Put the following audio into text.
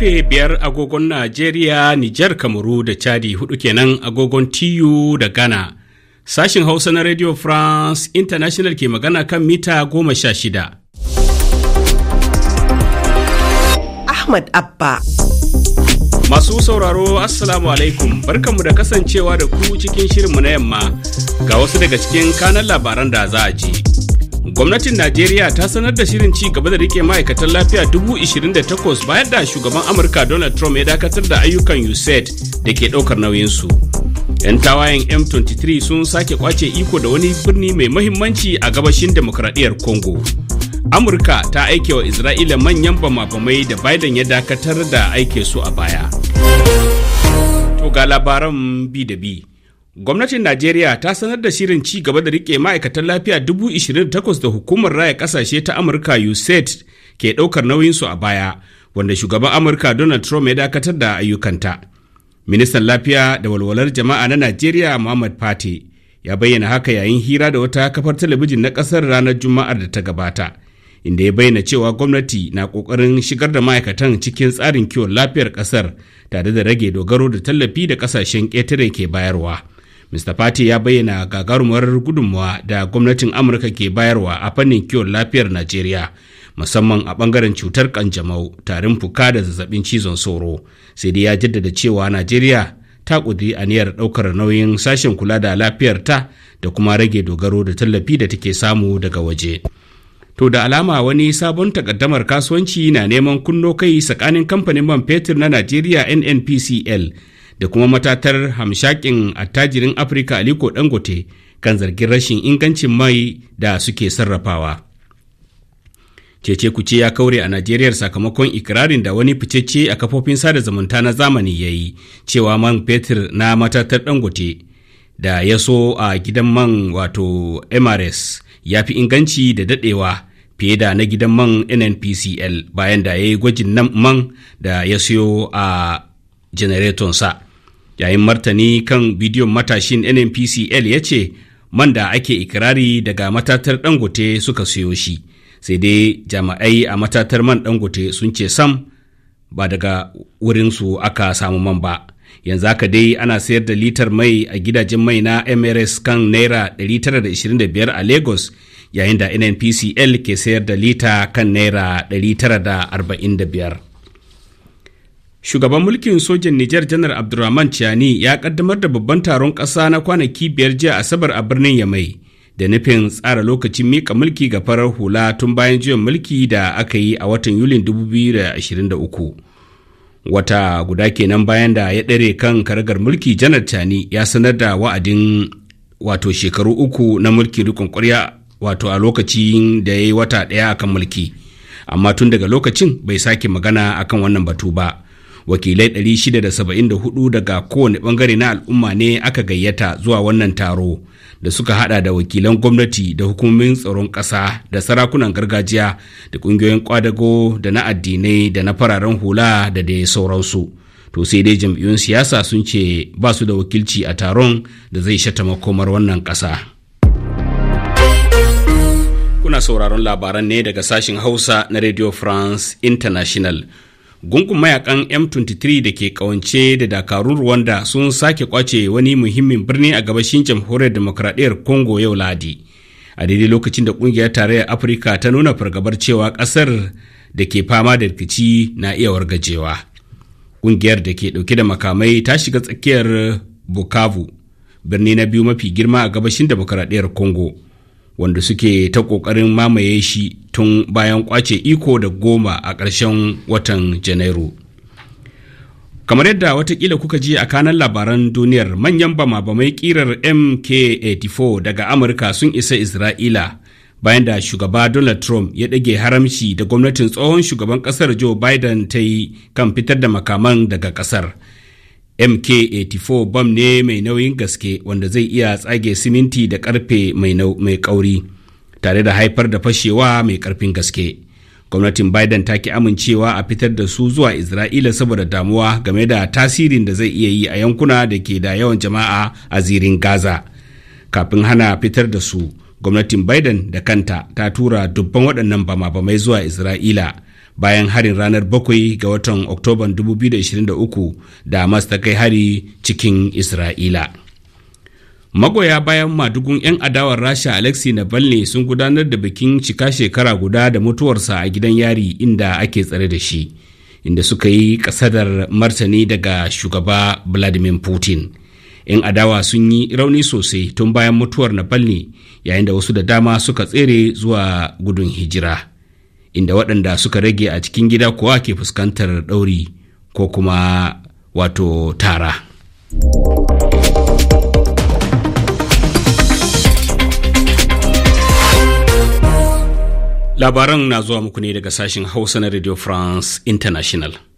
karfe biyar agogon Najeriya, Nijar, Kamaru da Chadi hudu kenan agogon TU da Ghana. Sashen Hausa na Radio France International ke magana kan mita goma sha shida. Ahmad Abba. Masu sauraro Assalamu alaikum barkanmu da kasancewa da ku cikin shirinmu na yamma ga wasu daga cikin kanan labaran da za a ji. Gwamnatin Najeriya ta sanar da shirin ci gaba da rike ma'aikatan lafiya dubu takwas bayan da shugaban Amurka Donald Trump ya dakatar da ayyukan USAID da ke ɗaukar nauyinsu. 'Yan tawayen M23 sun sake kwace iko da wani birni mai mahimmanci a gabashin demokradiyyar Congo. Amurka ta aike wa Isra'ila manyan bama-bamai da Biden ya dakatar da aike su a baya. To ga labaran bi da bi. Gwamnatin Najeriya ta sanar da shirin ci gaba da rike ma'aikatan lafiya dubu 28,000 da hukumar raya kasashe ta Amurka USAID ke ɗaukar nauyinsu a baya, wanda shugaban Amurka Donald Trump ya dakatar da ayyukanta. Ministan lafiya da walwalar jama'a na Najeriya Muhammad Pate ya bayyana haka yayin hira da wata kafar talabijin na ƙasar ranar Juma'ar da ta gabata, inda ya bayyana cewa gwamnati na ƙoƙarin shigar da ma'aikatan cikin tsarin kiwon lafiyar ƙasar tare da rage dogaro da tallafi da ƙasashen ƙetare ke bayarwa. Mr. Pate ya bayyana gagarumar gudunmawa da gwamnatin Amurka ke bayarwa a fannin kiwon lafiyar Najeriya musamman a bangaren cutar kanjamau, tarin fuka da zazzabin cizon sauro. Sai dai ya jaddada cewa Najeriya ta ƙudiri aniyar ɗaukar nauyin sashen kula da lafiyar ta da kuma rage dogaro da tallafi da take samu daga waje. To da alama wani sabon takaddamar kasuwanci na neman kunno kai tsakanin kamfanin man fetur na Najeriya NNPCL da kuma matatar hamshakin attajirin afirka aliko dangote kan zargin rashin ingancin mai da suke sarrafawa cece kuce ya kaure a najeriya sakamakon ikirarin da wani ficece a kafofin sada zumunta na zamani ya yi cewa man fetur na matatar dangote da ya so a gidan man wato mrs ya fi inganci da dadewa fiye da na gidan man nnpcl bayan da ya yi gwajin man da ya siyo a generatonsa yayin martani kan bidiyon matashin nnpcl ya ce man da ake ikirari daga matatar dangote suka siyo shi sai dai jami'ai a matatar man dangote sun ce sam ba daga wurinsu aka samu man ba yanzu haka dai ana sayar da litar mai a gidajen mai na mrs kan naira 925 a lagos yayin da nnpcl ke sayar da lita kan naira 945 Shugaban mulkin sojan Nijar Janar Abdurrahman chani ya kaddamar da babban taron ƙasa na kwanaki biyar jiya Asabar a birnin Yamai da nufin tsara lokacin mika mulki ga farar hula tun bayan juyin mulki da aka yi a watan yuli 2023. Wata guda kenan bayan da ya ɗare kan karagar mulki Janar Tiani ya sanar da wa'adin wato shekaru uku na mulki rikon ƙwarya wato a lokacin da ya yi wata ɗaya akan mulki. Amma tun daga lokacin bai sake magana akan wannan batu ba. wakilai 674 daga kowane bangare na al'umma ne aka gayyata zuwa wannan taro da suka hada da wakilan gwamnati da hukumomin tsaron kasa da sarakunan gargajiya da kungiyoyin kwadago da na addinai da na fararen hula da dai sauransu to sai dai jam'iyyun siyasa sun ce ba su da wakilci a taron da zai shata makomar wannan kasa. Kuna sauraron labaran ne daga sashen Hausa na Radio France International. gungun mayakan m23 da ke kawance da dakarun rwanda sun sake kwace wani muhimmin birni a gabashin jamhuriyar demokradiyyar congo yau ladi a daidai lokacin da kungiyar tarayyar afirka ta nuna fargabar cewa kasar da ke fama da rikici na iya wargajewa kungiyar da ke dauke da makamai ta shiga tsakiyar bukavu birni na biyu mafi girma a gabashin demokradiyyar congo wanda suke ta kokarin mamaye shi tun bayan kwace iko da goma a ƙarshen watan janairu kamar yadda watakila kuka ji a kanan labaran duniyar manyan bama-bamai kirar mk-84 daga amurka sun isa isra'ila bayan da shugaba donald trump ya ɗage haramci da gwamnatin tsohon shugaban ƙasar joe biden ta yi kan fitar da makaman daga ƙasar mk-84 bam ne mai nauyin gaske wanda zai iya tsage siminti da karfe mai kauri tare da haifar da fashewa mai karfin gaske gwamnatin biden ta ki amincewa a fitar da su zuwa isra'ila saboda damuwa game da tasirin da zai iya yi a yankuna da ke da yawan jama'a a zirin gaza kafin hana fitar da su gwamnatin biden da kanta ta tura dubban waɗannan bama-bamai zuwa isra'ila bayan harin ranar bakwai ga watan oktoban 2023 da hamas ta kai hari cikin isra'ila magoya bayan madugun 'yan adawar rasha alexei navalny sun gudanar da bikin cika shekara guda da mutuwarsa a gidan yari inda ake tsare da shi inda suka yi kasadar martani daga shugaba vladimir putin 'yan adawa sun yi rauni sosai tun bayan mutuwar navalny yayin da wasu da dama suka tsere zuwa gudun hijira inda waɗanda suka rage a cikin gida kuwa ke fuskantar ɗauri ko kuma wato tara labaran na zuwa muku ne daga sashen hausa na radio france international